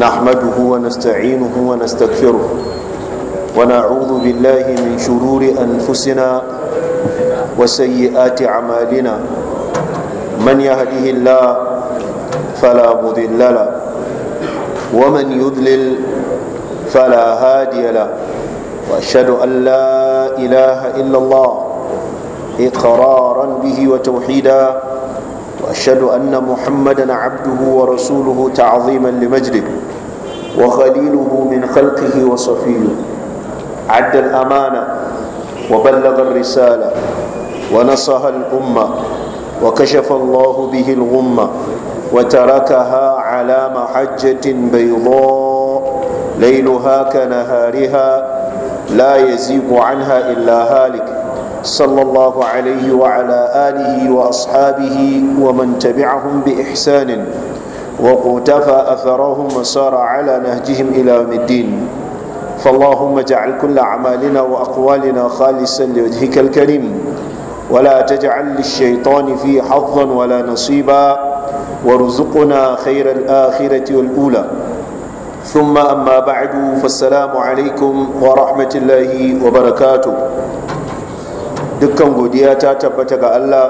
نحمده ونستعينه ونستغفره ونعوذ بالله من شرور أنفسنا وسيئات أعمالنا من يهده الله فلا مضل له ومن يضلل فلا هادي له واشهد ان لا اله الا الله اقرارا به وتوحيدا واشهد ان محمدا عبده ورسوله تعظيما لمجده وخليله من خلقه وصفيه عد الأمانة وبلغ الرسالة ونصها الأمة وكشف الله به الغمة وتركها على محجة بيضاء ليلها كنهارها لا يزيغ عنها إلا هالك صلى الله عليه وعلى آله وأصحابه ومن تبعهم بإحسان وقتفى أثرهم وسار على نهجهم إلى يوم الدين فاللهم اجعل كل أعمالنا وأقوالنا خالصا لوجهك الكريم ولا تجعل للشيطان في حظا ولا نصيبا وارزقنا خير الآخرة والأولى ثم أما بعد فالسلام عليكم ورحمة الله وبركاته dukkan godiya ta tabbata ga Allah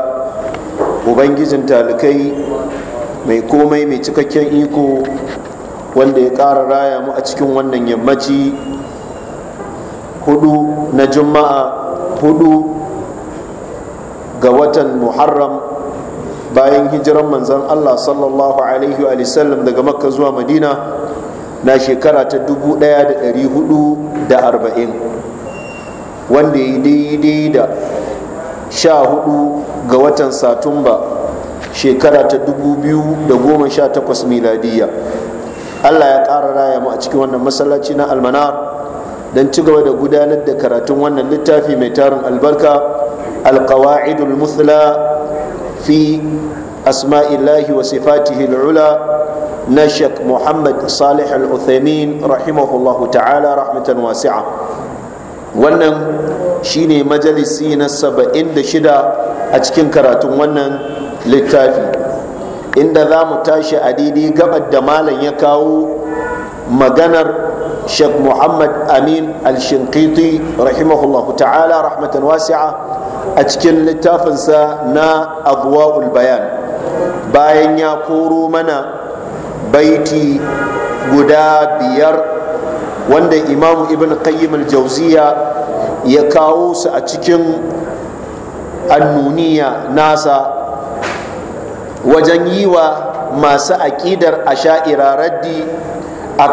ubangijin talikai mai komai mai cikakken iko wanda ya ƙara raya mu a cikin wannan yammaci hudu na juma'a hudu ga watan muharram bayan hijiran manzan allah sallallahu alaihi wa sallam daga makka zuwa madina na shekara ta 1440 wanda ya daidai da 14 ga watan satumba shekara ta 2018 miladiyya allah ya ƙara raya mu a cikin wannan masallaci na almanar don ci gaba da gudanar da karatun wannan littafi mai tarin albarka alkawa'idul muthla fi asma'illahi wa sifatihi al'ula na shek muhammad salih al-uthaymin rahimahullahu ta'ala rahmatan wasi'a wannan shine majalisi na 76 a cikin karatun wannan littafi inda za mu tashi a didi gabar da malam ya kawo maganar sheikh muhammad amin al-shinkiti rahimahullahu ta'ala rahmatan wasi'a a cikin littafinsa na adwa'ul bayan bayan ya koro mana baiti guda biyar wanda imamu ibn qayyim al-jauziya ya kawo su a cikin annuniya nasa wajen yi wa masu aƙidar sha'ira raddi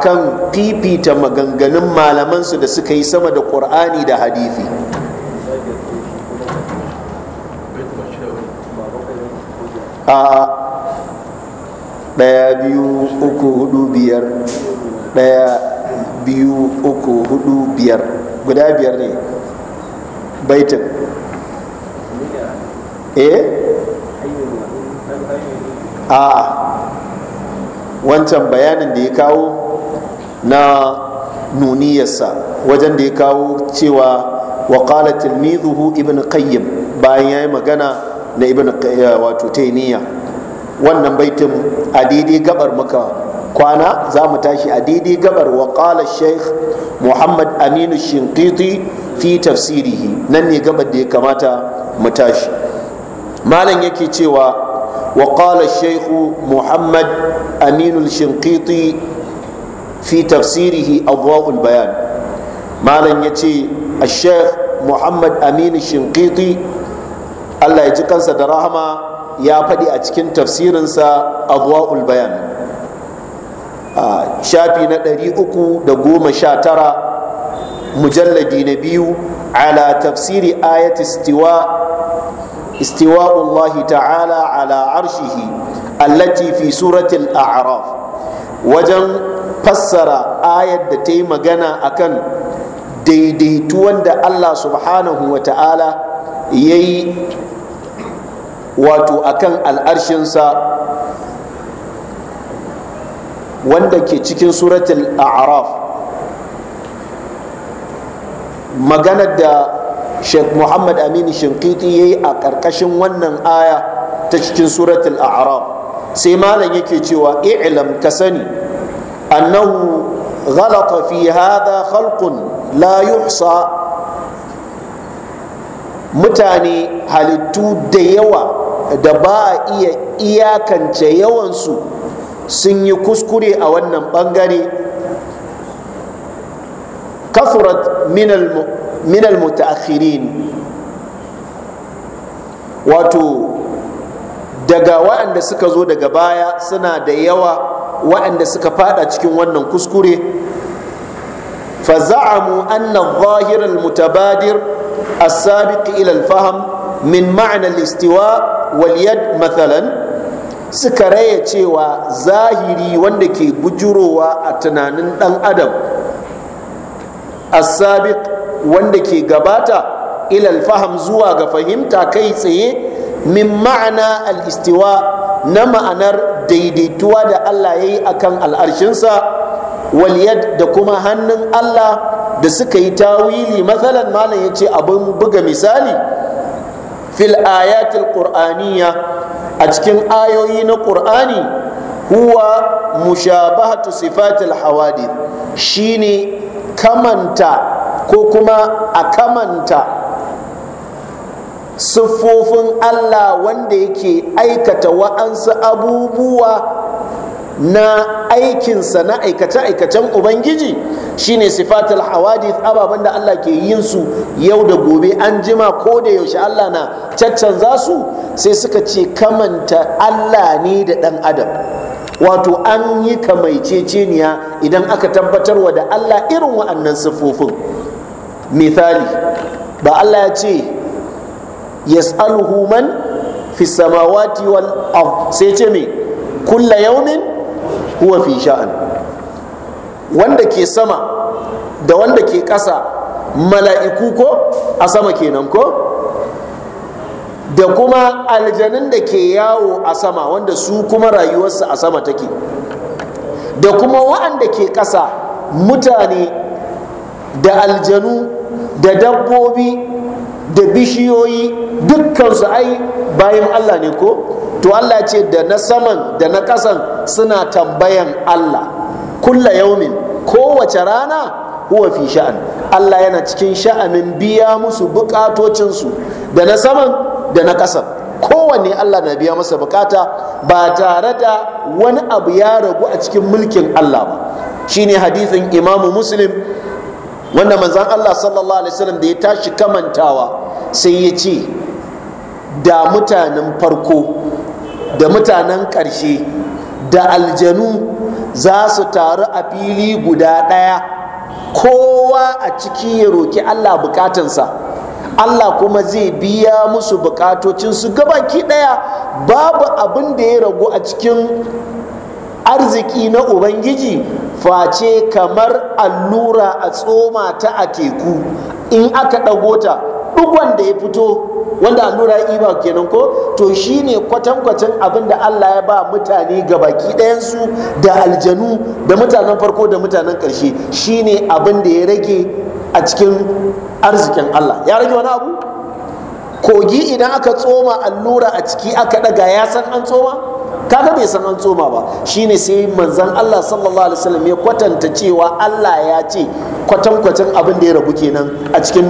kan fifita maganganun malamansu da suka yi sama da ƙur'ani da hadithi a ɗaya biyu uku hudu biyar ɗaya biyu uku hudu biyar guda biyar ne baitin eh a wancan bayanin da ya kawo na nuniyarsa wajen da ya kawo cewa wa Tilmi tilmizuhu ibn qayyim bayan ya yi magana na ibn wato taimiyya wannan baitin a daidai gabar muka kwana za mu tashi a daidai gabar wa sheikh muhammad aminu shinkiti fi tafsirihi nan ne gabar da ya kamata mu tashi malam yake cewa وقال الشيخ محمد أمين الشنقيطي في تفسيره أضواء البيان ما لن يتي الشيخ محمد أمين الشنقيطي الله يجيكن سدراهما يا فدي أتكن تفسيرا سا أضواء البيان شافي ندري أكو دقوم شاترا مجلد نبيو على تفسير آية استواء استواء الله تعالى على عرشه التي في سورة Wajen fassara ayar da تي magana akan daidaituwan da Allah subhanahu wa ta'ala ya yi wato akan al'arshinsa wanda ke cikin suratul a'raf maganar da Sheikh Muhammad Aminu Shinkiti yayi a ƙarƙashin wannan aya ta cikin suratul A'raf sai malam yake cewa i'lam ka sani annahu ghalata fi hadha khalqun la yuhsa mutane halittu da yawa da ba a iya iyakance yawansu sun yi kuskure a wannan bangare kasurat minal mutaakhirin wato daga waɗanda suka zo daga baya suna da yawa waɗanda suka fada cikin wannan kuskure فزعموا أن الظاهر المتبادر السابق إلى الفهم من معنى الاستواء واليد suka raya cewa zahiri wanda ke bujurowa a tunanin ɗan adam as wanda ke gabata ilal faham zuwa ga fahimta kai tsaye min ma'ana al-istiwa na ma'anar daidaituwa da Allah ya yi a kan al'arshinsa waliyad da kuma hannun Allah da suka yi tawili matsalan malam ya ce abin buga misali fil ayatul qur'aniya a cikin ayoyi na ƙur'ani huwa mushabahatu sifatil hawadith shine kamanta ko kuma a kamanta siffofin Allah wanda yake aikata wa'ansu abubuwa na aikinsa na aikace-aikacen Ubangiji shine sifatul hawadith ababen da Allah ke yin su yau da gobe an jima ko da yaushe Allah na caccanza su sai suka ce kamanta Allah ne da ɗan adam. wato an yi ka kamaiceceniya idan aka tabbatar wa da Allah irin wa'annan siffofin misali ba Allah ya ce yas'aluhu man fi samawati wal ard sai ce me kulla yaumin huwa fi sha'an wanda ke sama da wanda ke ƙasa mala'iku ko a sama kenan ko da kuma aljanun da ke yawo a sama wanda su kuma rayuwarsu a sama take da kuma wa'anda ke ƙasa mutane da aljanu da dabbobi da bishiyoyi dukkansu ai bayan Allah ne ko to Allah ce da na saman da na ƙasan suna tambayan Allah kulla yaumin kowace rana huwa fi sha'an Allah yana cikin sha'anin biya musu bukatocinsu da na saman da na kasar kowanne Allah na biya masa bukata ba tare da wani abu ya ragu a cikin mulkin Allah ba shine hadithin imamu muslim wanda manzan Allah sallallahu alaihi wasallam da ya tashi kamantawa sai ya ce da mutanen farko da mutanen ƙarshe da aljanu za su taru a fili guda ɗaya kowa a ciki ya roki Allah bukatansa Allah kuma zai biya musu bukatocin bukatocinsu gabaki ɗaya babu abin da ya ragu a cikin arziki na ubangiji face kamar allura a tsoma ta a teku in aka ɗago ta wanda wanda ya fito wanda allura ya iba kenan ko to shine kwatankwacin abin da Allah ya ba mutane ga baki ɗayansu da aljanu da mutanen farko da mutanen ƙarshe shine abin da ya rage a cikin arzikin Allah ya rage wani abu kogi idan aka tsoma allura a ciki aka daga ya san an tsoma kaga bai san an tsoma ba shine sai manzan Allah sallallahu alaihi wasallam ya kwatanta cewa Allah ya ce kwatankwacin abin da ya rabu kenan a cikin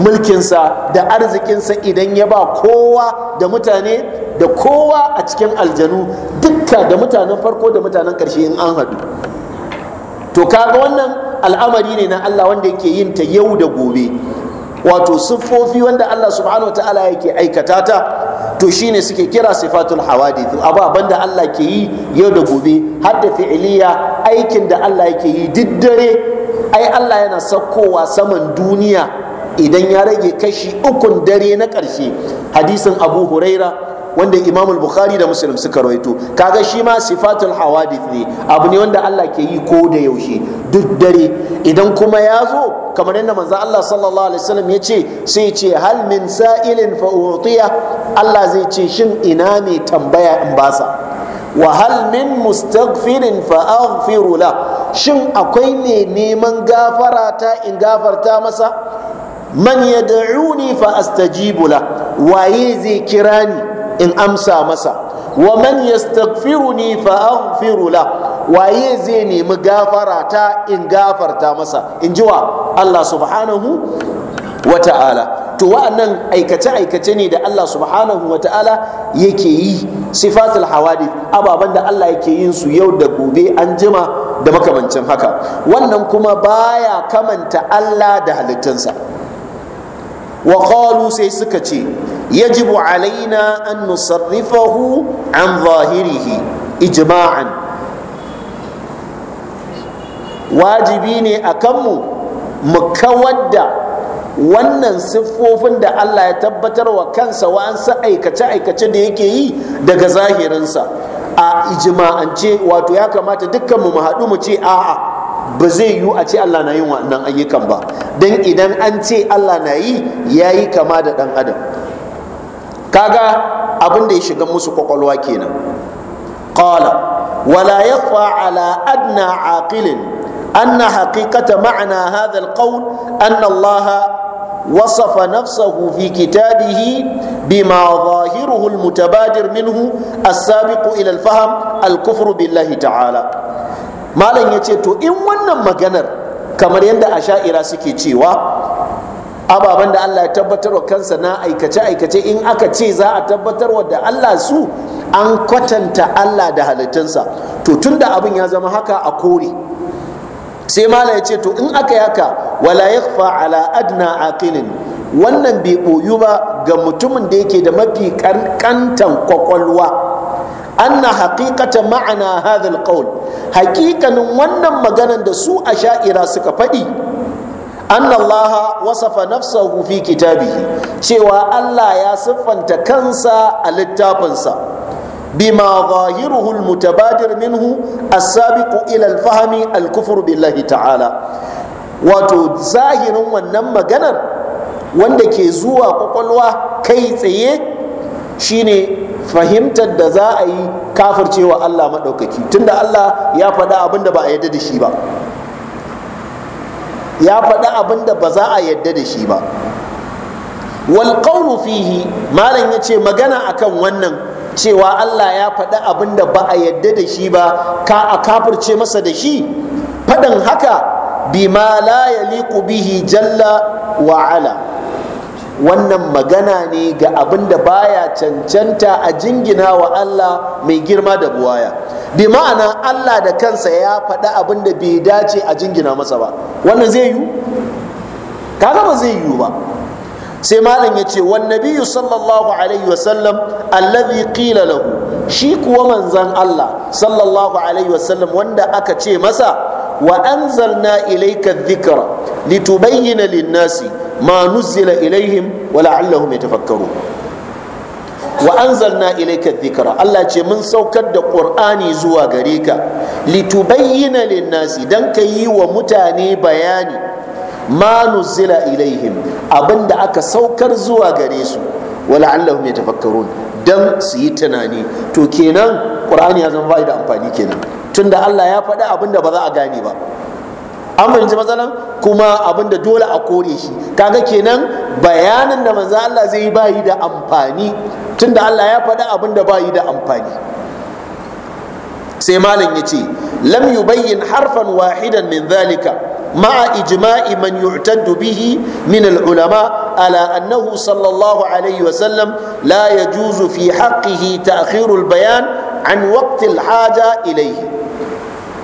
mulkinsa da arzikinsa idan ya ba kowa da mutane da kowa a cikin aljanu dukka da mutanen farko da mutanen karshe in an haɗu to kaga wannan al'amari ne na Allah wanda yake yin ta yau da gobe wato siffofi wanda Allah subhanahu ta'ala yake aikata ta to shine suke kira sifatul hawadith abu abanda Allah ke yi yau da gobe har da fi'iliya aikin da Allah yake yi diddare, dare ai Allah yana sakkowa saman duniya idan ya rage kashi ukun dare na ƙarshe hadisin abu huraira wanda imam bukhari da muslim suka rawaito kaga shi ma sifatul hawadith ne abu ne wanda Allah ke yi ko da yaushe duk dare idan kuma ya zo kamar yadda manzo Allah sallallahu alaihi wasallam ya ce sai ce hal min sa'ilin fa utiya Allah zai ce shin ina ne tambaya in basa wa hal min mustaghfirin fa aghfiru la shin akwai ne neman gafara ta in gafarta masa man yad'uni fa astajibu la waye zai kira ni in amsa masa wa man yastaghfiruni fa aghfiru la waye zai nemi gafara ta in gafarta masa in ji wa Allah subhanahu wa ta'ala to wa'annan aikace aikace ne da Allah subhanahu wa ta'ala yake yi sifatul hawadith ababan da Allah yake yin su yau da gobe an jima da makamancin haka wannan kuma baya kamanta Allah da halittunsa wa qalu sai suka ce يجب علينا أن نصرفه عن ظاهره إجماعا واجبيني أكم مكودة wannan siffofin da Allah ya tabbatar wa kansa wa'ansa aikace-aikace da yake yi daga zahirinsa a ijima'ance wato ya kamata dukkanmu mu haɗu mu ce a'a ba zai yiwu a ce Allah na yin wannan ayyukan ba don idan an ce Allah na yi ya yi kama da ɗan adam kaga abin da ya shiga musu kwakwalwa kenan qala wala yakhfa ala adna aqilin anna haqiqata ma'na hadha alqawl anna allaha وصف نفسه في كتابه بما ظاهره المتبادر منه السابق إلى الفهم الكفر بالله تعالى ما لن يتيتو إن ونن مغنر كما يند أشائر سكي تيوا ababen da Allah ya tabbatar wa kansa na aikace aikace in aka ce za a tabbatar wa da Allah su an kwatanta Allah da halittunsa to tun da abin ya zama haka a kore sai mala ya ce to in aka yaka wala yakhfa ala adna aqilin wannan bai boyu ba ga mutumin da yake da mafi kankantan kwakwalwa anna haqiqata ma'ana hadha alqawl haqiqanin wannan maganan da su asha'ira suka faɗi annallaha wasafa nafsahu fi kitabihi cewa Allah ya siffanta kansa a littafinsa bima zahiruhu almutabadir minhu as-sabiqu ila al-fahmi al-kufru billahi ta'ala wato zahirin wannan maganar wanda ke zuwa ƙwaƙwalwa kai tsaye shine fahimtar da za a yi kafircewa Allah maɗaukaci tunda Allah ya faɗa abin ba a yarda da shi ba ya faɗi abin da ba za a yadda da shi ba wal qawlu fihi malam yace magana akan wannan cewa Allah ya faɗi abin da ba a yadda da shi ba ka a kafirce masa da shi faɗin haka bima la yaliqu bihi jalla wa wannan magana ne ga abin da baya cancanta a jingina wa Allah mai girma da buwaya bi ma'ana Allah da kansa ya faɗa abin da bai dace a jingina masa ba wannan zai yiwu kaga ba zai yiwu ba sai malam ya ce wan nabiyyu sallallahu alaihi wasallam alladhi qila lahu shi kuwa manzan Allah sallallahu alaihi wasallam wanda aka ce masa wa anzalna ilayka dhikra litubayyana lin-nasi ma nuzila ilaihim wa la'allahum tafakkaru. wa anzalna ilayka dhikra Allah ce mun saukar da Qur'ani zuwa gare ka litubayyana lin-nasi dan ka yi wa mutane bayani ma nuzila ilaihim abinda aka saukar zuwa gare su la'allahum yatafakkarun dan su yi tunani to kenan Qur'ani ya zama bai da amfani kenan tunda Allah ya faɗi abinda ba za a gane ba an fahimci matsalan kuma abinda dole a kore shi kaga kenan bayanin da manzo Allah zai yi bayi da amfani tunda Allah ya faɗi abin da bayi da amfani sai malam ya ce lam yubayyin harfan wahidan min zalika مع إجماع من يعتد به من ala annahu أنه صلى الله عليه وسلم لا يجوز في حقه تأخير bayan, an وقت haja إليه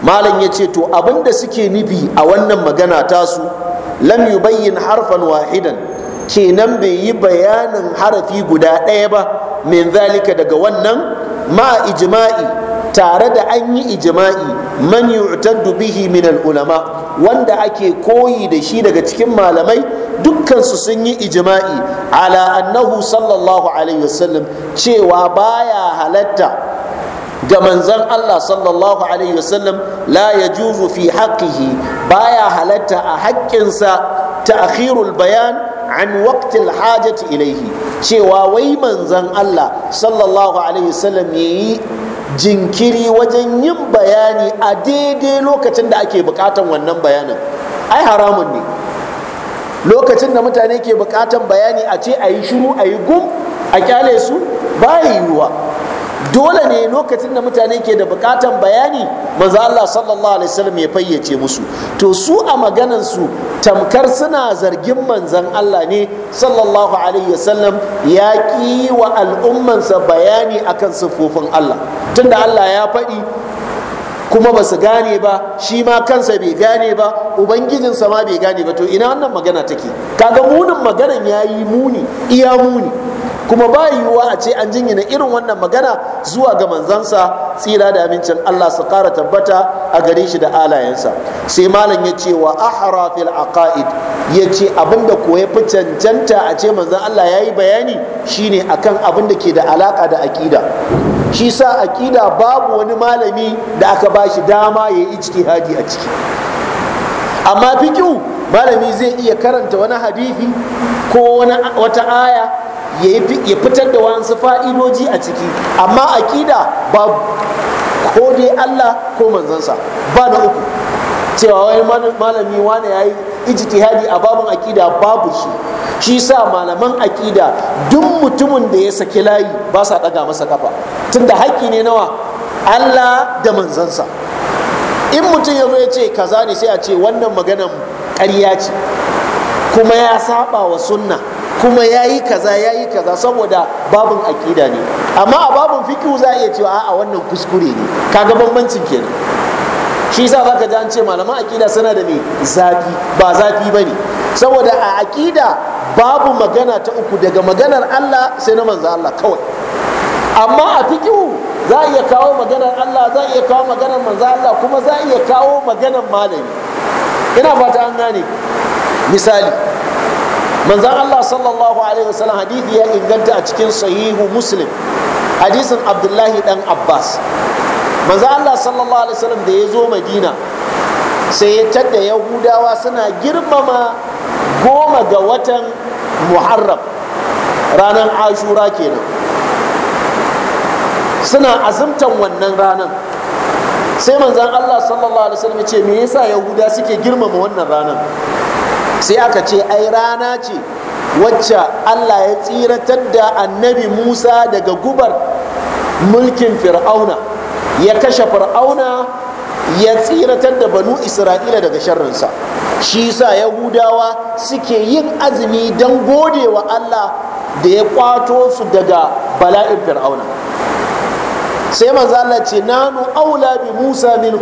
malam ya ce to abin da suke nufi a wannan magana tasu lam yubayyin harfan wahidan kenan bai yi bayanin harafi guda ɗaya ba min zalika daga wannan ma ijma'i tare da an yi ijma'i man yu'taddu bihi min ulama wanda ake koyi da shi daga cikin malamai dukkansu sun yi ijma'i ala annahu sallallahu alaihi wasallam cewa baya halatta ga manzon Allah sallallahu alaihi wasallam la yajuzu fi haqqihi baya halatta a haƙƙinsa ta'khirul bayan an waktil hajati ilaihi cewa wai manzan Allah sallallahu alaihi wasallam yayi jinkiri wajen yin bayani a daidai lokacin da ake bukatan wannan bayanin ai haramun ne lokacin da mutane ke bukatan bayani a ce a yi shiru a yi gum a kyale su ba yiwuwa dole ne lokacin da mutane ke da bukatan bayani manzo Allah sallallahu alaihi wasallam ya fayyace musu to su a maganan su tamkar suna zargin manzan Allah ne sallallahu alaihi wasallam ya ki wa al'ummansa bayani akan siffofin Allah tunda Allah ya faɗi kuma ba su gane ba shi ma kansa bai gane ba ubangijinsa ma bai gane ba to ina wannan magana take kaga munin maganan yayi muni iya muni kuma ba yiwuwa a ce an na irin wannan magana zuwa ga manzansa tsira da amincin Allah su kara tabbata a gare shi da alayensa sai malam ya ce wa ahra fil aqaid ya ce abinda ko ya fi cancanta a ce manzan Allah ya yi bayani shine akan abin da ke da alaka da akida shi sa akida babu wani malami da aka ba shi dama ya yi ijtihadi a ciki amma fikiu malami zai iya karanta wani hadisi ko wata aya ya fitar da wasu fa'idoji a ciki amma akida ba ko dai Allah ko manzansa ba na uku cewa wai malami wane ya yi ijtihadi a babin akida babu shi shi sa malaman aƙida duk mutumin da ya saki layi ba sa ɗaga masa kafa tunda haƙƙi ne nawa Allah da manzansa in mutum ya zo ya ce kaza ne sai a ce wannan maganan ƙarya ce kuma ya saba wa sunna kuma ya yi kaza ya yi kaza saboda babin aƙida ne amma a babin fikihu za a iya cewa a wannan kuskure ne kaga bambancin kenan shi yasa zaka ji an ce malaman aƙida suna da me zafi ba zafi ba ne. saboda a aƙida babu magana ta uku daga maganar Allah sai na manzo Allah kawai amma a fikihu za a iya kawo maganar Allah za a iya kawo maganar manzo Allah kuma za a iya kawo maganar malami ina fata an gane misali manzan Allah sallallahu alaihi wasallam hadithi ya inganta a cikin sahihu muslim hadisin abdullahi dan abbas manzan Allah sallallahu alaihi wasallam da ya zo madina sai ya tadda yahudawa suna girmama goma ga watan muharram ranar ashura kenan suna azumtan wannan ranar sai manzan Allah sallallahu alaihi wasallam ya ce me yasa yahuda suke girmama wannan ranar sai aka ce ai rana ce wacce allah ya tsiratar da annabi musa daga gubar mulkin fir'auna ya kashe fir'auna ya tsiratar da banu isra'ila daga sharrinsa shi sa yahudawa suke yin azumi don gode wa allah da ya kwato su daga bala'in fir'auna sai manzo Allah ce nanu aula bi Musa minhu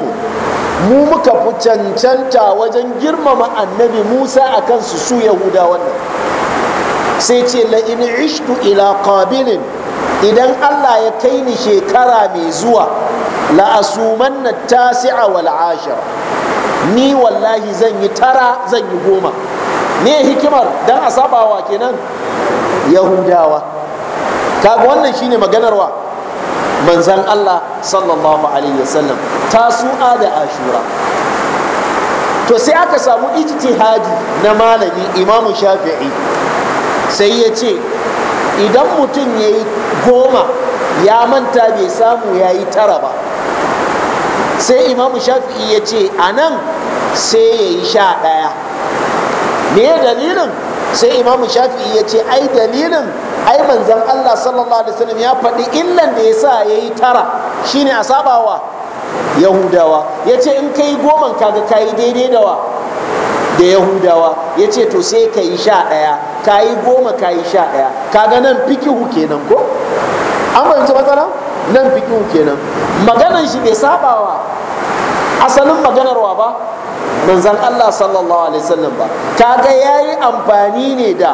mu muka fi cancanta wajen girmama annabi musa a kansu su yahuda wannan sai ce la'in ishtu ila qabilin idan allah ya kai ni shekara mai zuwa la'asuman na tasi'a wal ashira ni wallahi zan yi tara zan yi goma ne hikimar don a sabawa kenan yahudawa kaga wannan shine maganarwa manzan Allah sallallahu alaihi wasallam su'a da ashura to sai aka samu ijtihadi na malami imamu shafi'i sai ya ce idan mutum ya yi goma ya manta bai samu ya yi tara ba sai Imam shafi'i ya ce a sai ya yi sha ɗaya me dalilin sai imamu shafi'i ya ce ai dalilin ai manzon Allah sallallahu alaihi wasallam ya faɗi illan da yasa yayi tara shine a sabawa yahudawa yace in kai goma kaga kai daidai da wa da yahudawa yace to sai ka yi sha ɗaya ka yi goma ka yi sha ɗaya kaga nan fikihu kenan ko an fahimci matsala nan fikihu kenan Maganar shi bai sabawa asalin maganar wa ba manzan Allah sallallahu alaihi wasallam ba kaga yayi amfani ne da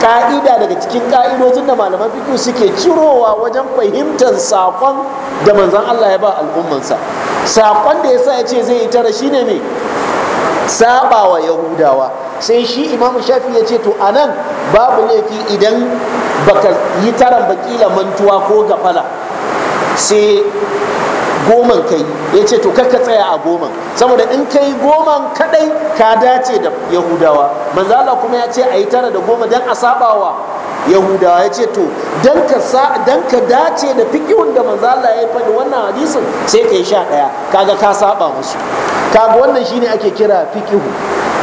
ka'ida daga cikin ka'idojin da malaman fiqh suke cirowa wajen fahimtar saƙon da manzon Allah ya ba al'ummansa saƙon da yasa ya ce zai yi tara shine ne saba wa yahudawa sai shi imam shafi ya ce to anan babu laifi idan baka yi taran bakila mantuwa ko gafala sai goman kai ya ce to ka tsaya a goman saboda in ka yi goman kadai ka dace da yahudawa manzo Allah kuma ya ce a yi tara da goma don a sabawa yahudawa ya ce to don ka dace da fikihun da manzo Allah ya faɗi wannan hadisin sai ka yi sha ɗaya kaga ka saba musu kaga wannan shine ake kira fikihu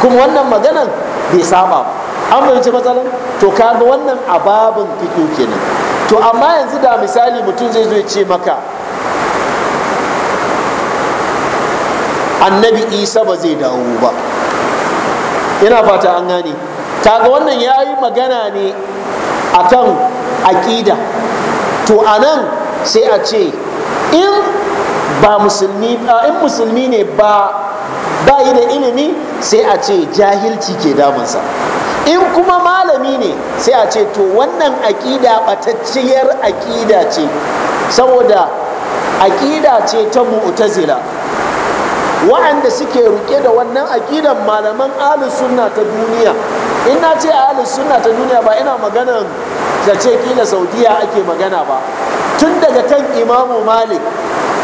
kuma wannan maganan bai saba ba an fahimci matsalan to kaga wannan ababin fikihu kenan to amma yanzu da misali mutum zai zo ya ce maka annabi isa ba zai dawo ba ina fata an gane kaga wannan ya yi magana ne akan aƙida to a nan sai a ce in ba musulmi in musulmi ne ba ba yi da ilimi sai a ce jahilci ke damunsa in kuma malami ne sai a ce to wannan aƙida batacciyar aƙida ce saboda aƙida ce ta mu'tazila wa'anda suke rike da wannan aƙidan malaman ahlus sunna ta duniya in na ce ahlus sunna ta duniya ba ina maganan da ce kila saudiya ake magana ba tun daga kan imamu malik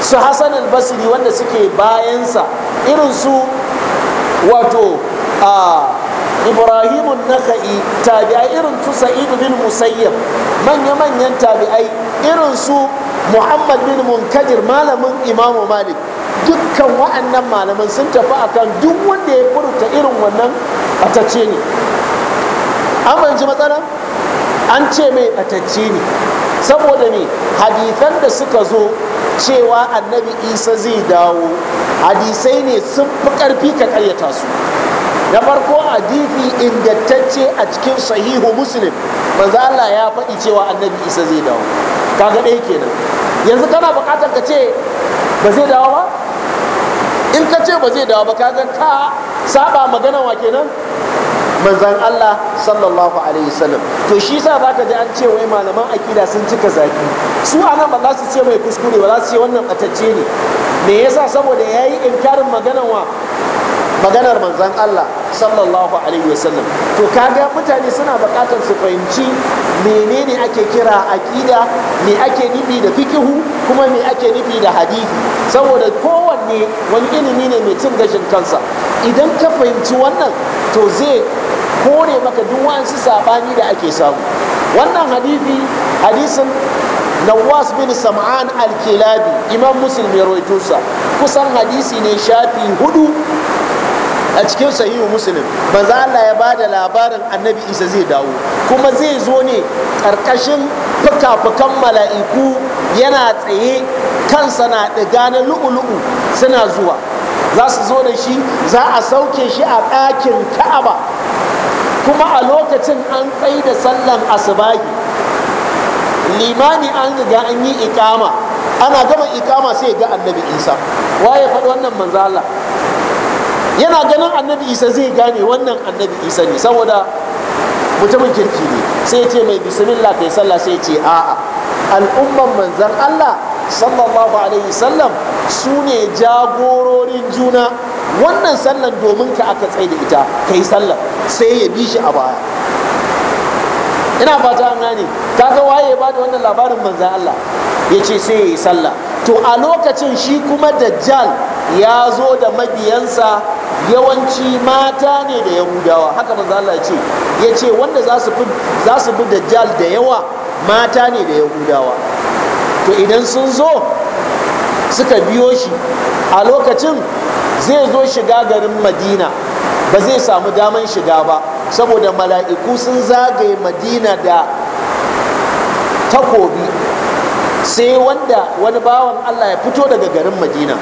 su hassan albasiri wanda suke bayansa irin su wato a ibrahimun naka'i tabi'ai irin su sa'idu bin musayyab manya-manyan tabi'ai irin su muhammad bin munkadir malamin imamu malik dukkan wa'annan malaman sun tafi akan duk wanda ya furta irin wannan ɓatacce ne an fahimci matsala an ce mai batacce ne saboda me hadisan da suka zo cewa annabi isa zai dawo hadisai ne sun fi karfi ka karyata su na farko hadisi ingantacce a cikin sahihu muslim manzo Allah ya faɗi cewa annabi isa zai dawo kaga ɗaya kenan yanzu kana buƙatar ka ce ba zai dawo ba in ka ce ba zai dawo ba kaga ka saba magana wa kenan manzan Allah sallallahu alaihi wasallam to shi yasa zaka ji an ce wai malaman akida sun cika zaki su anan ba za su ce mai kuskure ba za su ce wannan batacce ne me yasa saboda yayi inkarin maganar wa maganar manzan Allah sallallahu alaihi wasallam to kaga mutane suna bukatar su fahimci menene ake kira aƙida me ake nufi da fikihu kuma me ake nufi da hadisi saboda kowanne wani ilimi ne mai cin gashin kansa idan ka fahimci wannan to zai kore maka duk wa'ansu saɓani da ake samu wannan hadisi hadisin nawas bin sam'an al-kilabi imam muslim ya rawaito kusan hadisi ne shafi hudu a cikin sahihu muslim manzo Allah ya bada labarin annabi isa zai dawo kuma zai zo ne karkashin fuka-fukan mala'iku yana tsaye kansa na ɗiga na lu'ulu'u suna zuwa za su zo da shi za a sauke shi a ɗakin ka'aba kuma a lokacin an tsaye da sallan asubahi limani an riga an yi ikama ana gama ikama sai ga annabi isa waye faɗi wannan manzo Allah yana ganin annabi isa zai gane wannan annabi isa ne saboda mutumin kirki ne sai ya ce mai bismillah kai sallah sai ya ce a'a al'umman manzan allah sallallahu alaihi sallam su ne jagororin juna wannan sallan domin ka aka tsaye da ita Kai yi sallan sai ya bi shi a baya ina fata an ta ga waye ba bada wannan labarin manzan allah ya ce sai ya yi sallah to a lokacin shi kuma dajjal ya zo da mabiyansa yawanci mata ne da yahudawa haka manzo Allah ce ya ce wanda za su bi dajjal da yawa mata ne da yahudawa to idan sun zo suka biyo shi a lokacin zai zo shiga garin madina ba zai samu daman shiga ba saboda mala'iku sun zagaye madina da takobi sai wanda wani bawan allah ya fito daga garin madina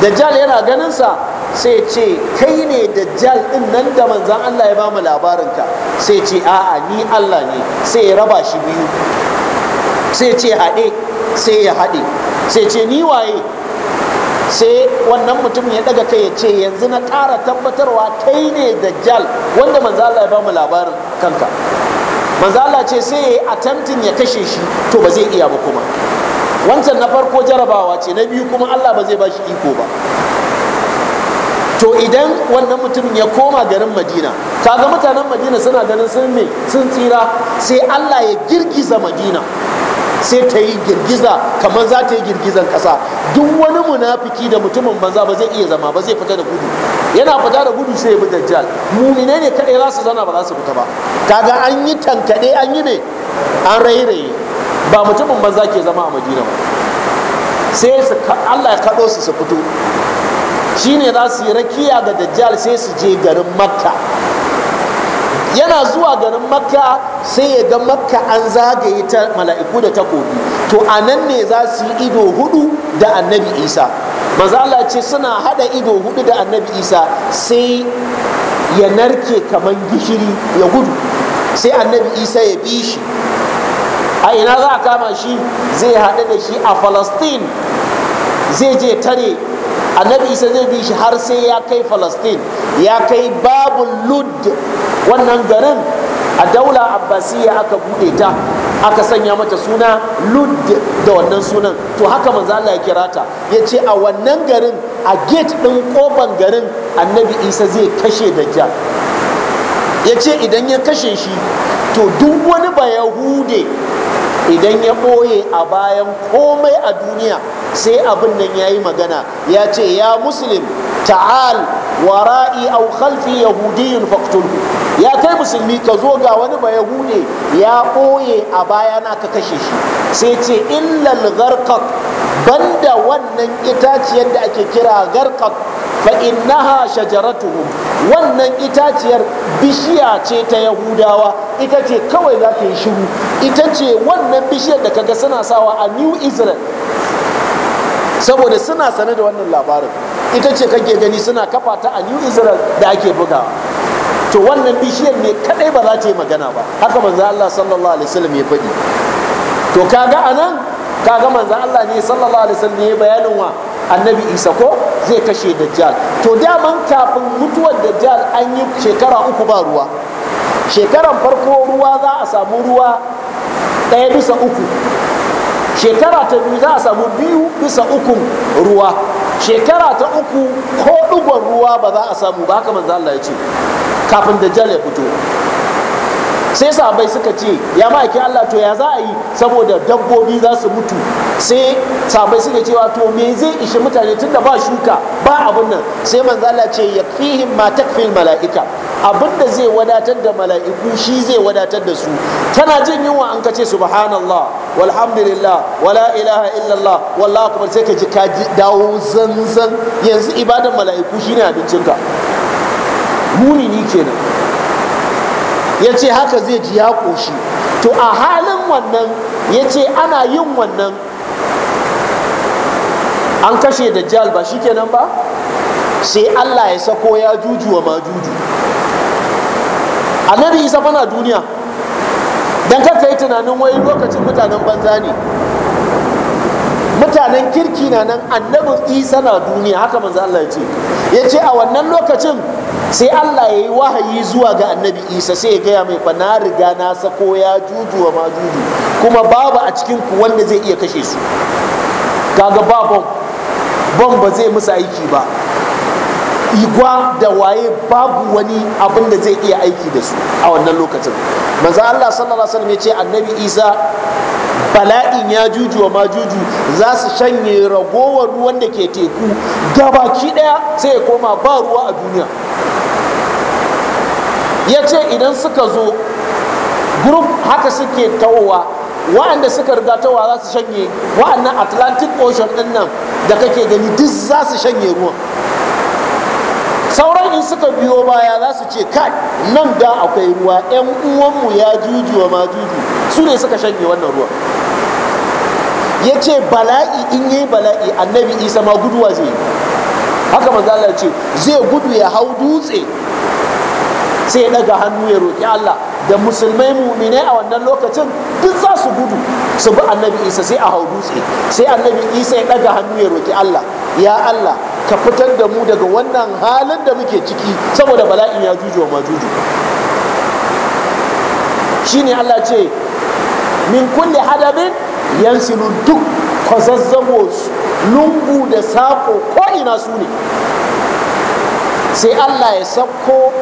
dajjal yana ganinsa sai ce kai ne da jal din nan da manzan Allah ya bamu labarinka sai ce a'a ni Allah ne sai ya raba shi biyu sai ce haɗe sai ya haɗe sai ce ni waye sai wannan mutum ya daga kai ya ce yanzu na ƙara tabbatarwa kai ne dajjal wanda manzan Allah ya bamu labarin kanka manzan Allah ce sai ya attempting ya kashe shi to ba zai iya ba kuma wancan na farko jarabawa ce na biyu kuma Allah ba zai ba shi iko ba to idan wannan mutumin ya koma garin madina kaga mutanen madina suna ganin sun me sun tsira sai allah ya girgiza madina sai ta yi girgiza kamar za ta yi girgizan kasa. duk wani munafiki da mutumin banza ba zai iya zama ba zai fita da gudu yana fita da gudu sai ya bi dajjal mumine ne kaɗai za su zana ba za su fita ba kaga an yi tankade an yi ne an rairaye ba mutumin banza ke zama a madina ba sai Allah ya kaɗo su su fito shine za su yi rakiya ga dajjal sai su je garin makka yana zuwa garin makka sai ya ga makka an zagaye ta mala'iku da takobi to a nan ne za su yi ido hudu da annabi isa mazala ce suna hada ido hudu da annabi isa sai ya narke kamar gishiri ya gudu sai annabi isa ya bi shi a ina za a kama shi zai haɗu da shi a falastin zai je tare annabi isa zai bi shi har sai ya kai falastin ya kai babu lud wannan garin a daula abbasiya aka bude ta aka sanya mata suna lud da wannan sunan to haka manzo Allah ya kira ta ya ce a wannan garin a gate ɗin ƙofan garin annabi isa zai kashe dajjal ya ce idan ya kashe shi to duk wani bayahude idan ya ɓoye a bayan komai a duniya sai abin nan ya yi magana ya ce ya muslim ta'al wara'i au khalfi yahudiyin faqtulhu ya kai musulmi ka zo ga wani ba yahude ya ɓoye a bayana ka kashe shi sai ce illal garkak banda wannan itaciyar da ake kira garkak fa innaha shajaratuhum wannan itaciyar bishiya ce ta yahudawa ita ce kawai za ta yi shiru ita ce wannan bishiyar da kaga suna sawa a new israel saboda suna sane da wannan labarin ita ce kake gani suna kafa ta a new israel da ake bugawa to wannan bishiyar ne kadai ba za ta yi magana ba haka manzo allah sallallahu alaihi wasallam ya faɗi to kaga anan kaga manzo allah ne sallallahu alaihi wasallam ya bayanin wa annabi isa ko zai kashe dajjal to dama kafin mutuwar dajjal an yi shekara uku ba ruwa shekaran farko ruwa za a samu ruwa ɗaya bisa uku shekara ta biyu za a samu biyu bisa ukun ruwa shekara ta uku ko ɗigon ruwa ba za a samu ba haka manzo Allah ya ce kafin jal ya fito sai sahabbai suka ce ya ma'aikin Allah to ya za a yi saboda dabbobi za su mutu sai sabai suka ce to me zai ishi mutane tunda ba shuka ba abun nan sai manzo Allah ce yakfihim ma takfil mala'ika abinda zai wadatar da mala'iku shi zai wadatar da su tana jin yunwa an kace subhanallah walhamdulillah wala ilaha illallah wala kuma sai ka ji ka dawo zanzan yanzu ibadan mala'iku shine abincinka muni ni kenan ya ce haka zai ji ya ƙoshi to a halin wannan ya ce ana yin wannan an kashe da jal ba shi kenan ba sai allah ya sako ya juju wa majuju annabi isa fana duniya don kaka yi tunanin wani lokacin mutanen banza ne mutanen kirki na nan annabin isa na duniya haka manzo allah ya ce ya ce a wannan lokacin sai Allah ya yi wahayi zuwa ga annabi isa sai ya gaya mai fa na riga na sako ya juju wa majuju kuma babu a cikin ku wanda zai iya kashe su kaga ba bom bom ba zai musu aiki ba igwa da waye babu wani abin da zai iya aiki da su a wannan lokacin manzo Allah sallallahu alaihi wasallam ya ce annabi isa bala'in ya juju wa majuju za su shanye ragowar ruwan da ke teku gabaki daya sai ya koma ba ruwa a duniya ya ce idan suka zo group haka suke tawowa wa'anda suka riga tawowa za su shanye wa'annan atlantic ocean din nan da kake gani duk za su shanye ruwa. sauran in suka biyo baya za su ce kai nan da akwai ruwa yan uwanmu ya jujuwa ma juju su ne suka shanye wannan ruwa. ya ce bala'i in yi bala'i annabi isa ma guduwa zai yi haka manzo ce zai gudu ya hau dutse sai ya daga hannu ya roƙi Allah da musulmai mumine a wannan lokacin duk za su gudu su bi annabi isa sai a hau dutse sai annabi isa ya daga hannu ya roƙi Allah ya Allah ka fitar da mu daga wannan halin da muke ciki saboda bala'in ya juju wa majuju shine Allah ce min kulli hadabin yansilu duk kwazazzabo lungu da sako ko su ne sai Allah ya sauko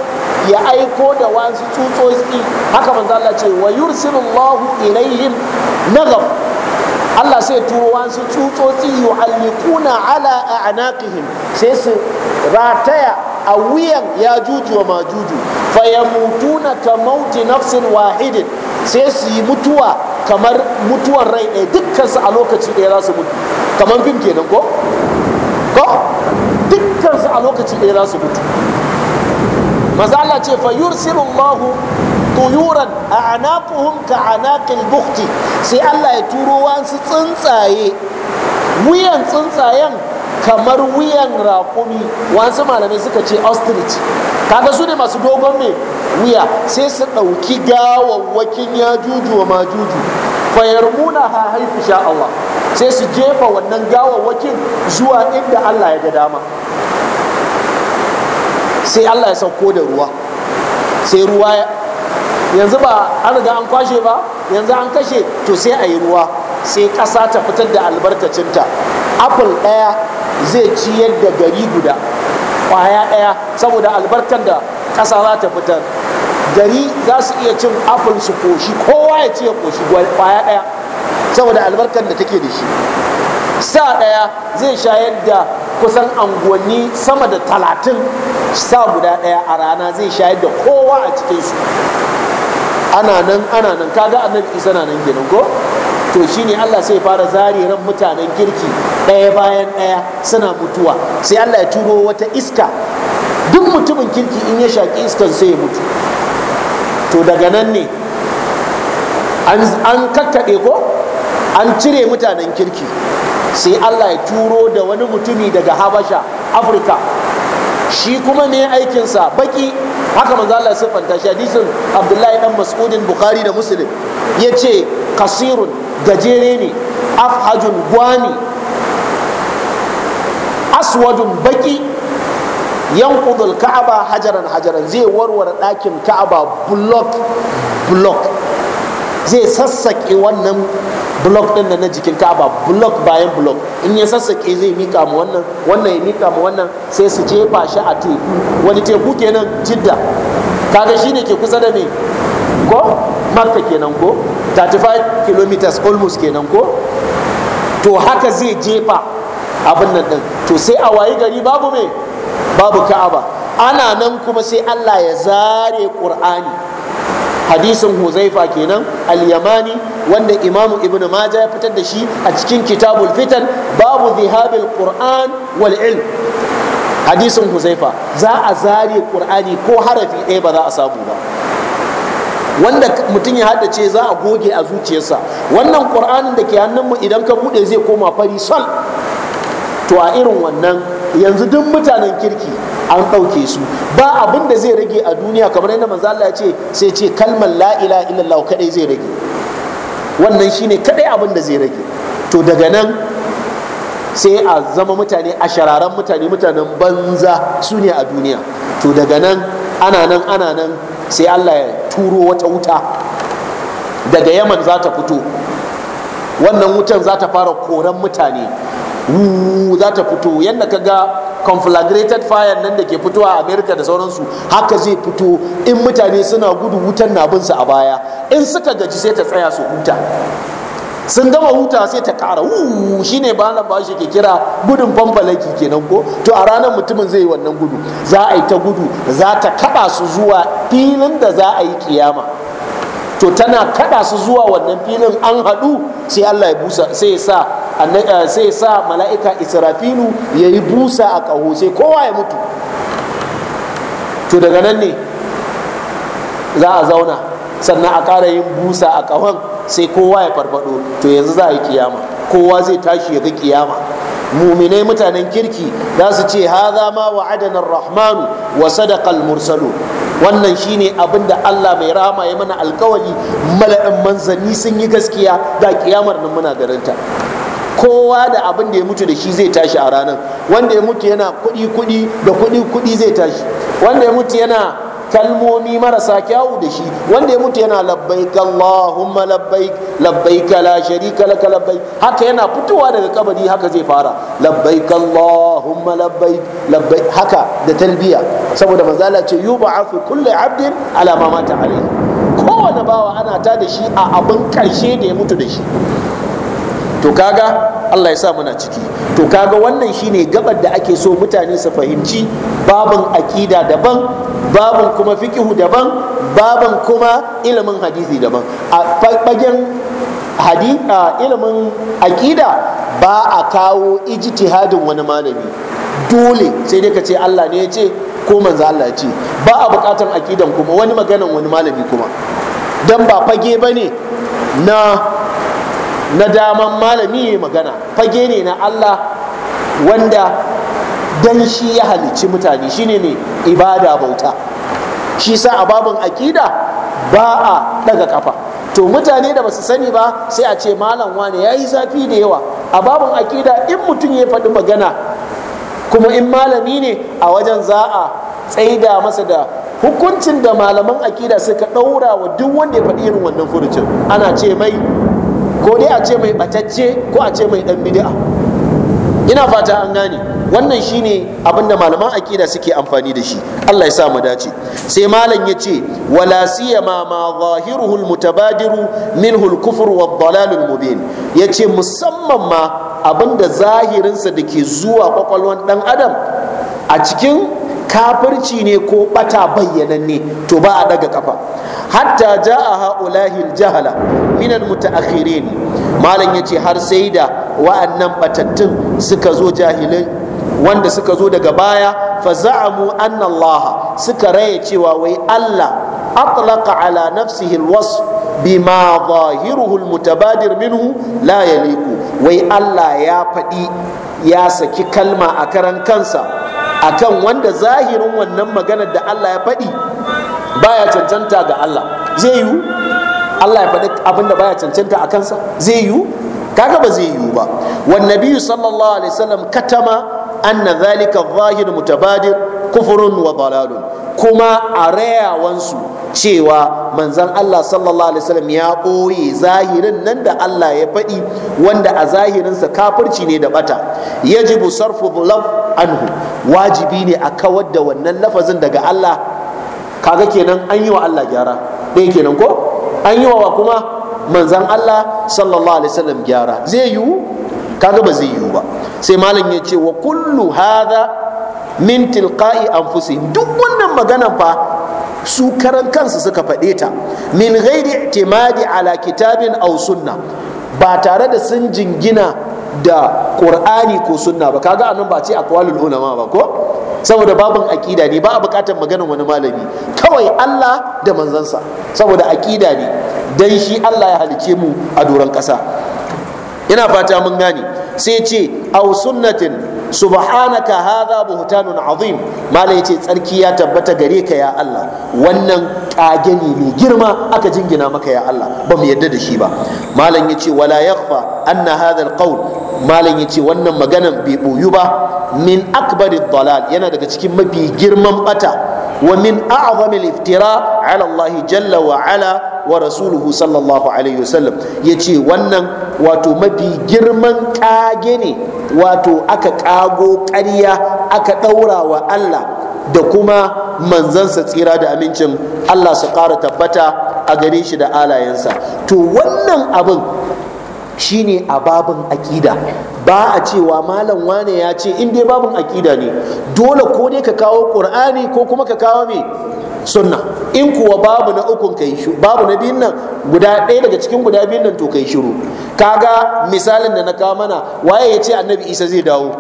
ya aiko da wasu tsutsotsi haka manzo Allah ce wa yursilullahu ilaihim nagab Allah sai turo wasu tsutsotsi yu'alliquna ala a'naqihim sai su rataya a wuyan ya juju wa majuju yamutuna ka mauti nafsin wahidin sai su yi mutuwa kamar mutuwar rai ɗaya dukkansu a lokaci ɗaya za su mutu kamar fim kenan ko ko dukkansu a lokaci ɗaya za su mutu maza Allah ce fa tuyuran a anaquhum ka anaqil bukti sai Allah ya turo wasu tsuntsaye wuyan tsuntsayen kamar wuyan raƙumi wasu malamai suka ce ostrich kaga su ne masu dogon mai wuya sai su ɗauki gawawwakin ya juju wa majuju muna ha haifu sha Allah sai su jefa wannan gawawwakin zuwa inda Allah ya ga dama sai allah ya sauko da ruwa sai ruwa yanzu ba an riga an kwashe ba yanzu an kashe to sai a yi ruwa sai ƙasa ta fitar da albarkacinta apple ɗaya zai ci yadda gari guda ƙwaya ɗaya saboda albarkar da ƙasa za ta fitar gari za su iya cin apple su koshi kowa ya ci ya koshi ƙwaya ɗaya saboda albarkar da take da shi sa ɗaya zai sha yadda. kusan anguwanni sama da talatin sa guda ɗaya a rana zai shayar da kowa a cikinsu ana nan ana nan kaga annabi isa na nan ginin ko to shine Allah sai fara zare ran mutanen kirki ɗaya bayan ɗaya suna mutuwa sai Allah ya turo wata iska duk mutumin kirki in ya shaƙi iskan sai ya mutu to daga nan ne an kakkaɓe ko an cire mutanen kirki sai Allah ya turo da wani mutumi daga Habasha Afirka shi kuma ne aikinsa baki haka manzo Allah siffanta shi hadisin Abdullahi dan Mas'udin Bukhari da Muslim yace kasirun gajere ne afhajun gwani aswadun baki yanqudul ka'aba hajaran hajaran zai warware ɗakin ka'aba block block zai sassaƙe wannan blok ɗin da na jikin ka'aba blok bayan blok in ya sassaƙe zai mika mu wannan wannan ya mika mu wannan sai su jefa shi a teku wani teku kenan jidda kaga shine ke kusa da me ko makka kenan ko 35 kilometers almost kenan ko to haka zai jefa abin nan ɗin to sai a wayi gari babu me babu ka'aba ana nan kuma sai allah ya zare ƙur'ani hadisin huzaifa kenan al-yamani wanda imamu ibnu maja ya fitar da shi a cikin kitabul fitan babu zihabil qur'an wal ilm hadisin huzaifa za a zare qur'ani ko harafi ɗaya ba za a samu ba wanda mutum ya haddace ce za a goge a zuciyarsa wannan qur'anin da ke hannun mu idan ka bude zai koma fari sal. to a irin wannan yanzu duk mutanen kirki an ɗauke su ba abin da zai rage a duniya kamar yadda manzo Allah ya ce sai ce kalmar la ilaha illallah kadai zai rage wannan shine kadai abin da zai rage to daga nan sai a zama mutane a shararan mutane mutanen banza su ne a duniya to daga nan ana nan ana nan sai Allah ya turo wata wuta daga yaman za ta fito wannan wutan za ta fara koran mutane za ta fito yadda ka ga conflagrated fire nan da ke fitowa a america da sauransu haka zai fito in mutane suna gudu wutan na binsu a baya in suka gaji sai ta tsaya su huta sun gama huta sai ta kara wuuu shine ba na ba ke kira gudun bambalaki kenan ko to a ranar mutumin zai yi wannan gudu za a yi ta gudu za ta kaba su zuwa filin da za a yi kiyama to tana kaɗa su zuwa wannan filin an haɗu sai Allah ya busa sai ya sa Eh, sai sa mala'ika israfilu ya yi busa a ƙaho sai kowa ya mutu to daga nan ne za a zauna sannan a ƙara yin busa a ƙahon sai kowa ya farfado to yanzu za a yi kiyama kowa zai tashi ya ga kiyama muminai mutanen kirki za su ce haza ma wa adanar rahmanu wa sadakal mursalu wannan shine abin da Allah mai rahama ya mana alkawari mala'in manzanni sun yi gaskiya da kiyamar nan muna garinta kowa da abin da ya mutu da shi zai tashi a ranar wanda ya mutu yana kuɗi kuɗi da kuɗi kuɗi zai tashi wanda ya mutu yana kalmomi marasa kyawu da shi wanda ya mutu yana labbai Allahumma labbai, labbai kala sharika laka labbai haka yana fitowa daga kabari haka zai fara labbai Allahumma labbai, labbai haka da talbiya saboda manzala ce yub'athu kullu 'abdin ala ma mata alayhi kowane bawa ana ta da shi a abin karshe da ya mutu da shi to kaga Allah ya sa muna ciki to kaga wannan shine gabar da ake so mutane su fahimci babin akida daban babin kuma fikihu daban babin kuma ilimin hadisi daban a fagen ilimin akida ba a kawo ijtihadin wani malami dole sai dai ka ce Allah ne ya ce ko manzo Allah ya ce ba a bukatan akidan kuma wani maganan wani malami kuma dan ba fage bane na na daman malami ya magana fage ne na Allah wanda dan shi ya halicci mutane shi ne ibada bauta shi sa a babin aƙida ba a daga kafa to mutane da basu sani ba sai a ce malam wane ya yi zafi da yawa a babin aƙida in mutum ya faɗi magana kuma in malami ne a wajen za a tsaida masa da hukuncin da malaman aƙida suka ɗaura wa duk wanda ya faɗi irin wannan furucin ana ce mai ko dai a ce mai batacce ko a ce mai dan bid'a ina fata an gane wannan shine abin da malaman akida suke amfani da shi Allah ya sa mu dace sai malam ya ce wala siyama ma zahiruhu almutabadiru minhu alkufr wad-dalal almubin yace musamman ma abinda zahirinsa da ke zuwa kwakwalwan dan adam a cikin kafirci ne ko bata bayyananne to ba a daga kafa hatta ja'a ha'ulahil jahala minal mutaakhirin malam yace har sai da wa'annan batattun suka zo jahilai wanda suka zo daga baya fa za'amu anna Allah suka raye cewa wai Allah atlaqa ala nafsihi alwasf bima zahiruhu almutabadir minhu la yaliku wai Allah ya faɗi ya saki kalma a karan kansa akan wanda zahirin wannan maganar da Allah ya faɗi baya cancanta ga Allah zai yiwu Allah ya faɗi abin da baya cancanta a kansa zai yiwu kaga ba zai yiwu ba wan nabiyyu sallallahu alaihi wasallam katama anna zalika zahir mutabadir kufurun wa dalalun kuma a rayawansu cewa manzan Allah sallallahu alaihi wasallam ya ɓoye zahirin nan da Allah ya faɗi wanda a zahirinsa kafirci ne da bata yajibu sarfu dhulaf anhu wajibi ne a kawar da wannan lafazin daga Allah kaga kenan an yi wa Allah gyara ɗaya kenan ko an yi wa kuma manzan Allah sallallahu alaihi wasallam gyara zai yiwu kaga ba zai yiwu ba sai malam ya ce wa kullu hadha min tilqa'i anfusi duk wannan maganan fa su karan kansu suka faɗe ta min ghairi i'timadi ala kitabin aw sunna ba tare da sun jingina da qur'ani ko sunna ba kaga anan ba ce aqwalul ulama ba ko saboda babin aqida ne ba a bukatar maganar wani malami kawai Allah da manzansa saboda aqida ne dan shi Allah ya halice mu a doron ƙasa ina fata mun gane sai ce aw sunnatin subhanaka hadha buhtanun azim malai yace tsarki ya tabbata gare ka ya Allah wannan kage ne mai girma aka jingina maka ya Allah ba mu yadda da shi ba malam yace wala yakhfa anna hadha alqawl malam yace wannan maganan bai boyu ba min akbari dalal yana daga cikin mafi girman bata wa min a'zami iftira ala Allah jalla wa ala wa rasuluhu sallallahu alaihi wasallam ya ce wannan wato mafi girman kage ne wato aka kago ƙarya aka ɗaura wa Allah da kuma manzansa tsira da amincin Allah su ƙara tabbata a gare shi da alayensa to wannan abin shine a babin aƙida ba a cewa malam wane ya ce in dai babin aƙida ne dole ko dai ka kawo ƙur'ani ko kuma ka kawo me sunna in kuwa babu na ukun kai babu na biyun nan guda ɗaya daga cikin guda biyun nan to kai shiru kaga misalin da na kawo mana waye ya ce annabi isa zai dawo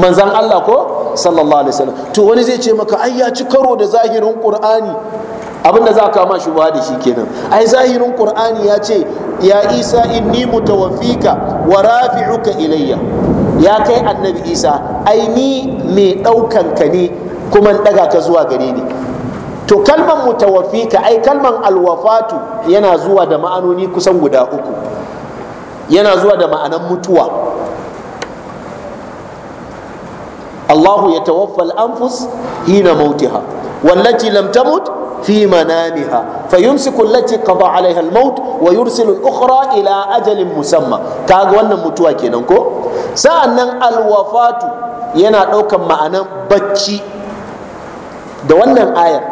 manzan allah ko sallallahu alaihi wasallam to wani zai ce maka ai ya ci karo da zahirin qur'ani abin da za ka ma shi da shi kenan ai zahirin qur'ani ya ce ya isa inni mutawaffika wa rafi'uka ilayya ya kai annabi isa ai ni mai ɗaukan ka ne kuma ɗaga ta zuwa gare ni to kalman ka ai kalman alwafatu yana zuwa da ma'anoni kusan guda uku yana zuwa da ma'anan mutuwa Allahu ya tawaffa al-anfus hina mautiha wallati lam tamut في منامها فيمسك التي قضى wa yursilu al-ukhra ila ajalin musamma kaga wannan mutuwa kenan ko sa'annan alwafatu yana daukan ma'anan bacci da wannan ayar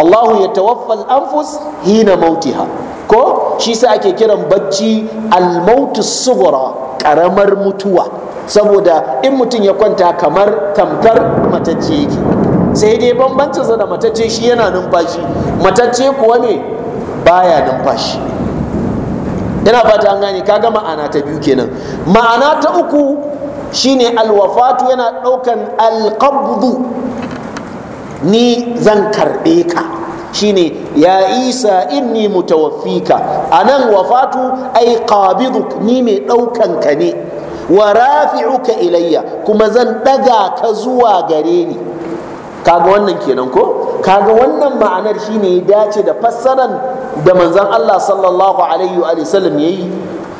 Allahu ya tawaffal anfus hina mautiha ko shi sa ake kiran bacci almautu sugura karamar mutuwa saboda in mutum ya kwanta kamar tamkar matacce yake sai dai bambancinsa da matacce shi yana numfashi matacce kuwa ne baya numfashi Yana fata an gane kaga ma'ana ta biyu kenan ma'ana ta uku shine alwafatu yana ɗaukan alqabdu ni zan karɓe ka shine ya isa inni mutawaffika anan wafatu ai qabiduk ni mai ɗaukan ka ne wa rafi'uka ilayya kuma zan ɗaga ka zuwa gare ni kaga wannan kenan ko kaga wannan ma'anar shine ya dace da fassaran da manzon Allah sallallahu alaihi wa sallam yayi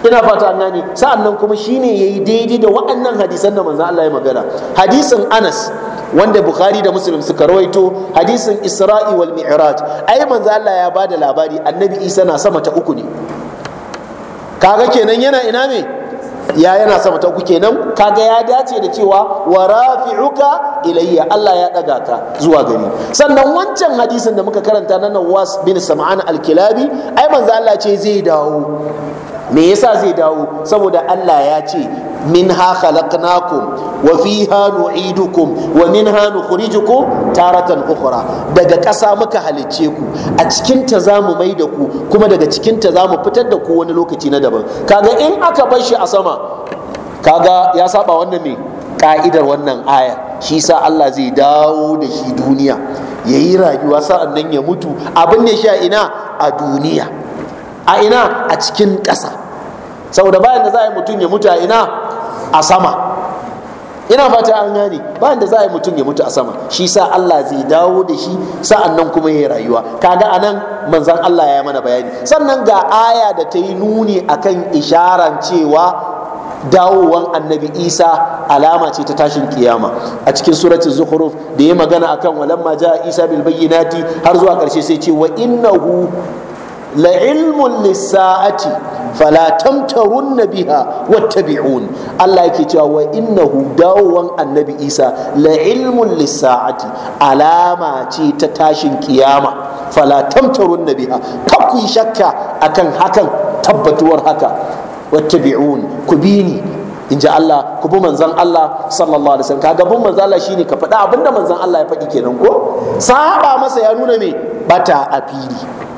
ina fata an gane sa'annan kuma shine yayi daidai da wa'annan hadisan da manzon Allah ya magana hadisin Anas wanda bukhari da muslim suka rawaito hadisin isra'i wal mi'raj ai manzo Allah ya bada labari annabi isa na sama ta uku ne kaga kenan yana ina me ya yana sama ta uku kenan kaga ya dace da cewa wa rafi'uka ilayya Allah ya daga ka zuwa gari sannan wancan hadisin da muka karanta na was bin Sam'an al-Kilabi ai manzo Allah ce zai dawo me yasa zai dawo saboda Allah ya ce منها خلقناكم وفيها نعيدكم ومنها نخرجكم تارة أخرى daga ƙasa muka halicce ku a cikin ta zamu mai da ku kuma daga cikin ta zamu fitar da ku wani lokaci na daban kaga in aka bar shi a sama kaga ya saba wannan me ka'idar wannan aya shi sa Allah zai dawo da shi duniya yayi rayuwa sa'an nan ya mutu abin ne a ina a duniya a ina a cikin ƙasa saboda bayan da za a yi mutum ya mutu a ina a sama ina fata an gane ba da za a yi mutum ya mutu a sama shi sa Allah zai dawo da shi sa'an nan kuma ya rayuwa kaga a anan manzan Allah ya mana bayani sannan ga aya da ta yi nuni akan isharan cewa dawowan annabi isa alama ce ta tashin kiyama a cikin suratul zukhruf da ya magana akan walamma a isa bil bayyinati har zuwa karshe sai ce wa innahu la ilmun lis fala tamtarunna biha wattabi'un Allah yake cewa wa innahu dawowan annabi Isa la ilmun lisa'ati alama ce ta tashin kiyama fala tamtarunna biha kaku ku shakka akan hakan tabbatuwar haka wattabi'un ku bi ni in ji Allah ku bi manzan Allah sallallahu alaihi wasallam kaga bin manzan Allah shine ka faɗa abinda manzan Allah ya faɗi kenan ko sahaba masa ya nuna me bata a fili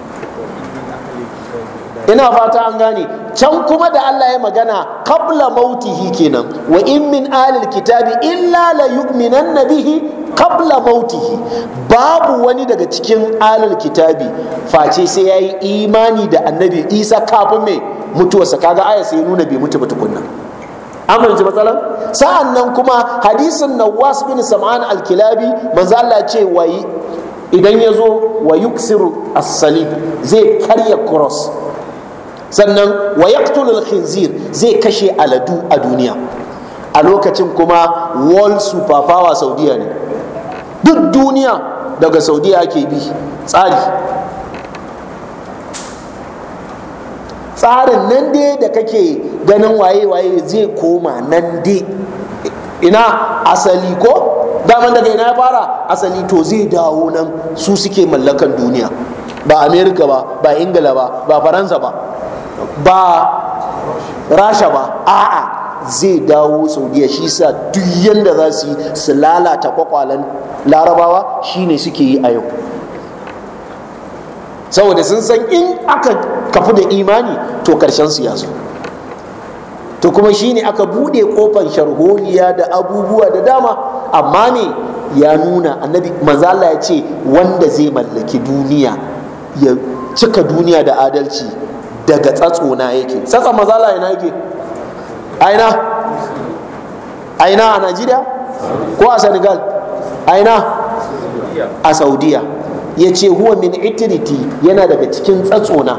ina fata an gane can kuma da Allah ya magana kabla mautihi kenan wa in min alil kitabi illa la yu'minanna bihi qabla mautihi babu wani daga cikin alil kitabi face sai yayi imani da annabi Isa kafin me mutuwarsa kaga aya sai nuna bai mutu ba tukunna fahimci matsalan sa'an nan kuma hadisin nawas bin sam'an al-kilabi manzo Allah ce wayi idan yazo zo wa yuksiru as-salib zai karya cross sannan wa yaqtulul khinzir zai kashe aladu a duniya a lokacin kuma world superpower saudiya ne duk duniya daga saudiya ke bi tsari tsarin nan dai da kake ganin waye-waye zai koma nan dai ina asali ko daman daga ina ya fara asali to zai dawo nan su suke mallakan duniya ba amerika ba ba ingila ba ba faransa ba ba rasha ba a'a zai dawo saudiya shi sa duk yadda za su yi su lalata kwakwalen larabawa shine suke yi a yau saboda sun san in aka kafu da imani to karshen su ya to kuma shine aka bude kofan sharholiya da abubuwa da dama amma ne ya nuna annabi mazala ya ce wanda zai mallaki duniya ya cika duniya da adalci daga na yake tsatsa mazala ina yake aina aina a najeriya ko a senegal aina a saudiya ya ce huwa min itiriti yana daga cikin tsatsona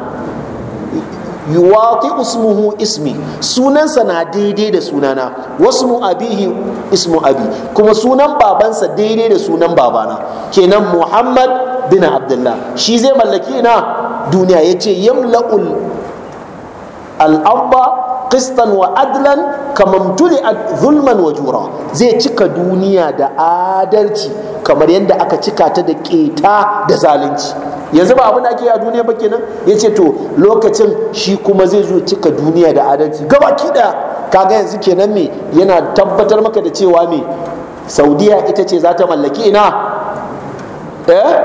yuwati usmuhu ismi sunansa na daidai da sunana wasmu abihi ismu abi kuma sunan babansa daidai da sunan babana kenan muhammad bin abdullah shi zai mallaki na duniya ya ce yamla'ul al'abba qistan wa adlan kamar tuli zulman wa zai cika duniya da adalci kamar yadda aka cika ta da keta da zalunci yanzu ba abin da ake yi a duniya ba kenan ya ce to lokacin shi kuma zai zo cika duniya da adalci gaba kiɗa kaga yanzu kenan me yana tabbatar maka da cewa me saudiya ita ce za ta mallaki ina eh?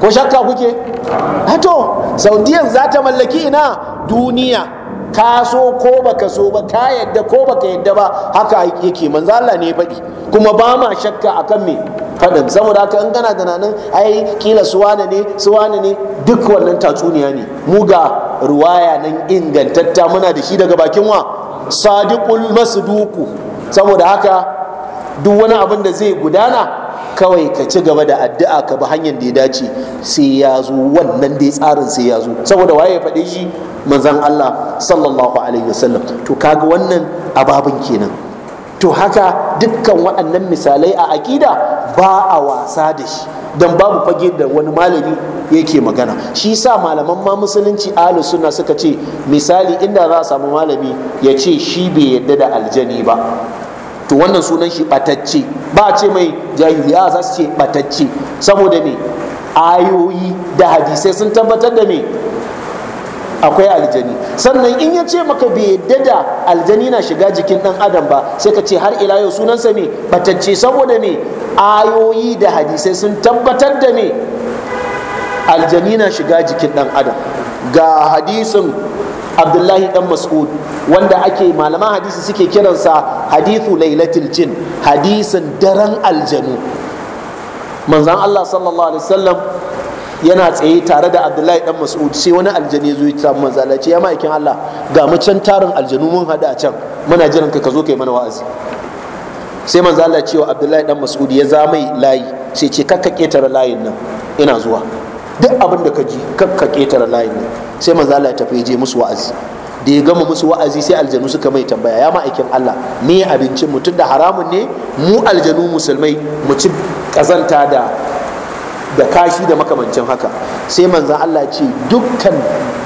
ko shakka kuke hato saudiya za ta mallaki ina duniya ka so ko baka so ba ka yadda ko baka yadda ba haka yake manzo Allah ne faɗi kuma ba ma shakka akan me faɗin saboda haka in kana tunanin ai kila suwana ne suwana ne duk wannan tatsuniya ne mu ga ruwaya nan ingantatta muna da shi daga bakin wa sadiqul masduku saboda haka duk wani abin da zai gudana kawai ka ci gaba da addu'a ka bi hanyar da ya dace sai ya zo wannan dai tsarin sai ya zo saboda waye ya faɗe shi manzon Allah sallallahu alaihi wasallam to kaga wannan ababin kenan to haka dukkan waɗannan misalai a akida ba a wasa da shi don babu fage da wani malami yake magana shi sa malaman ma musulunci alu suna suka ce misali inda za a samu malami ya ce shi bai yadda da aljani ba to wannan sunan shi batacce ba ce mai jahiliya za su ce batacce saboda me ayoyi da hadisai sun tabbatar da me akwai aljani sannan in ya ce maka bai yadda da aljani na shiga jikin dan adam ba sai ka ce har ila yau sunansa me batacce saboda me ayoyi da hadisai sun tabbatar da me aljani na shiga jikin dan adam ga hadisin abdullahi dan mas'ud wanda ake malaman hadisi suke kiransa hadithu lailatul jin hadisin daren aljanu manzan allah sallallahu alaihi wasallam yana tsaye tare da abdullahi dan mas'ud sai wani aljani ya zo ya samu manzala ce ya ma'aikin allah ga mu can tarin aljanu mun hada a can muna jiran ka ka zo kai mana wa'azi sai manzala cewa abdullahi dan mas'ud ya zamai layi sai ce kakka ketare layin nan ina zuwa duk abin da ka ji ka ketare layin ne sai manzo Allah ya tafi je musu wa'azi da ya gama musu wa'azi sai aljanu suka mai tambaya ya ma'aikin Allah me abincin mu da haramun ne mu aljanu musulmai mu ci kazanta da da kashi da makamancin haka sai manzan Allah ce dukkan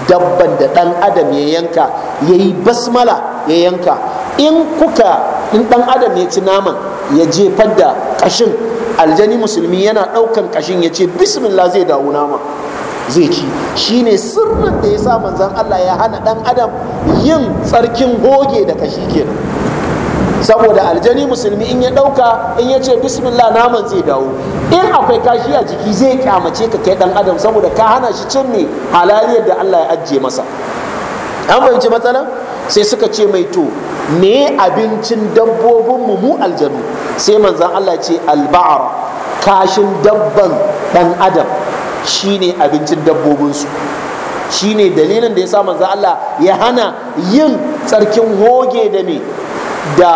dabban da dan adam ya yanka ya yi basmala ya yanka in kuka in dan adam ya ci naman ya jefar da kashin aljani musulmi yana ɗaukan kashin ya ce bismillah zai dawo nama zai ci Shi ne sirrin da ya sa manzan Allah ya hana ɗan adam yin tsarkin goge da kashi kenan saboda aljani musulmi in ya ɗauka in ya ce bismillah naman zai dawo in akwai kashi a jiki zai kyamace ka kai ɗan adam saboda ka hana shi cin ne halaliyar da Allah ya ajiye masa an fahimci matsalar sai suka ce mai to me abincin dabbobinmu mu aljanu sai manzan Allah ce alba'ar kashin dabban dan adam shine abincin dabbobin dabbobinsu shine dalilin da ya sa manzan Allah ya hana yin tsarkin hoge da me da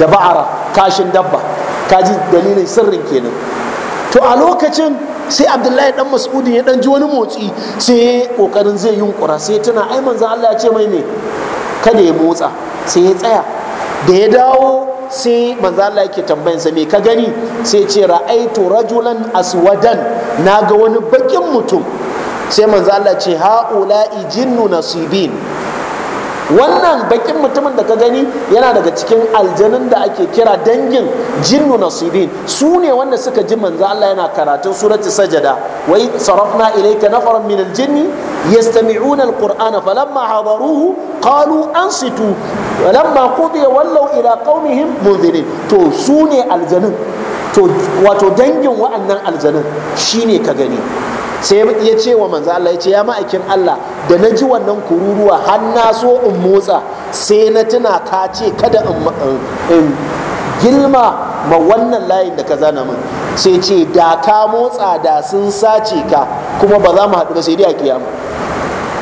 da ba'ara kashin dabba kaji dalilin sirrin kenan to a lokacin sai abdullahi dan mas'udin ya dan ji wani motsi sai kokarin zai yunkura sai tana ai manzon Allah ya ce mai ne kada ya motsa sai ya tsaya da ya dawo sai manzo Allah yake tambayan sa me ka gani sai ce ra'aitu rajulan aswadan ga wani bakin mutum sai manzo Allah ce haula'i jinnu nasibin wannan bakin mutumin da ka gani yana daga cikin aljanun da ake kira dangin jinnu nasibin su ne wanda suka ji manzo Allah yana karatun surati sajada wa sarafna ilayka nafaran min aljinni yastami'una alqur'ana falamma hadaruhu qalu ansitu falamma qudiya wallaw ila qaumihim munzirin to su ne aljanun to wato dangin wa'annan aljanun shine ka gani sai ya ce wa manzo Allah ya ce ya ma'aikin Allah da na ji wannan kururuwa har na so in motsa sai na tuna ka ce kada in gilma ma wannan layin da ka zana min sai ce da ka motsa da sun sace ka kuma ba za mu haɗu ba sai dai a kiyama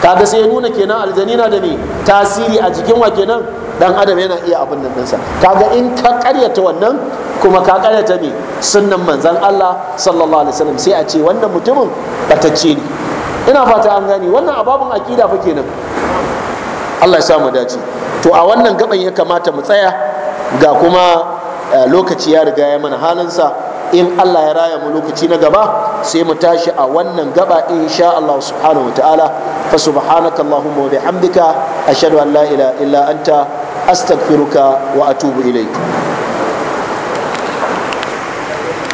kaga sai nuna kenan aljanina da ne tasiri a jikin wa kenan dan adam yana iya abin nan ɗinsa kaga in ka karyata wannan kuma ka karyata ne sunnan manzan Allah sallallahu alaihi wasallam sai a ce wannan mutumin batacce ne ina fata an gani. wannan ababun akida fa kenan Allah ya sa mu dace to a wannan gaban ya kamata mu tsaya ga kuma eh, lokaci ya riga ya mana halinsa in Allah ya raya mu lokaci na gaba sai mu tashi a wannan gaba insha Allah subhanahu wa ta'ala fa subhanakallahumma wa bihamdika ashhadu an la ilaha illa anta astaghfiruka wa atubu ilaik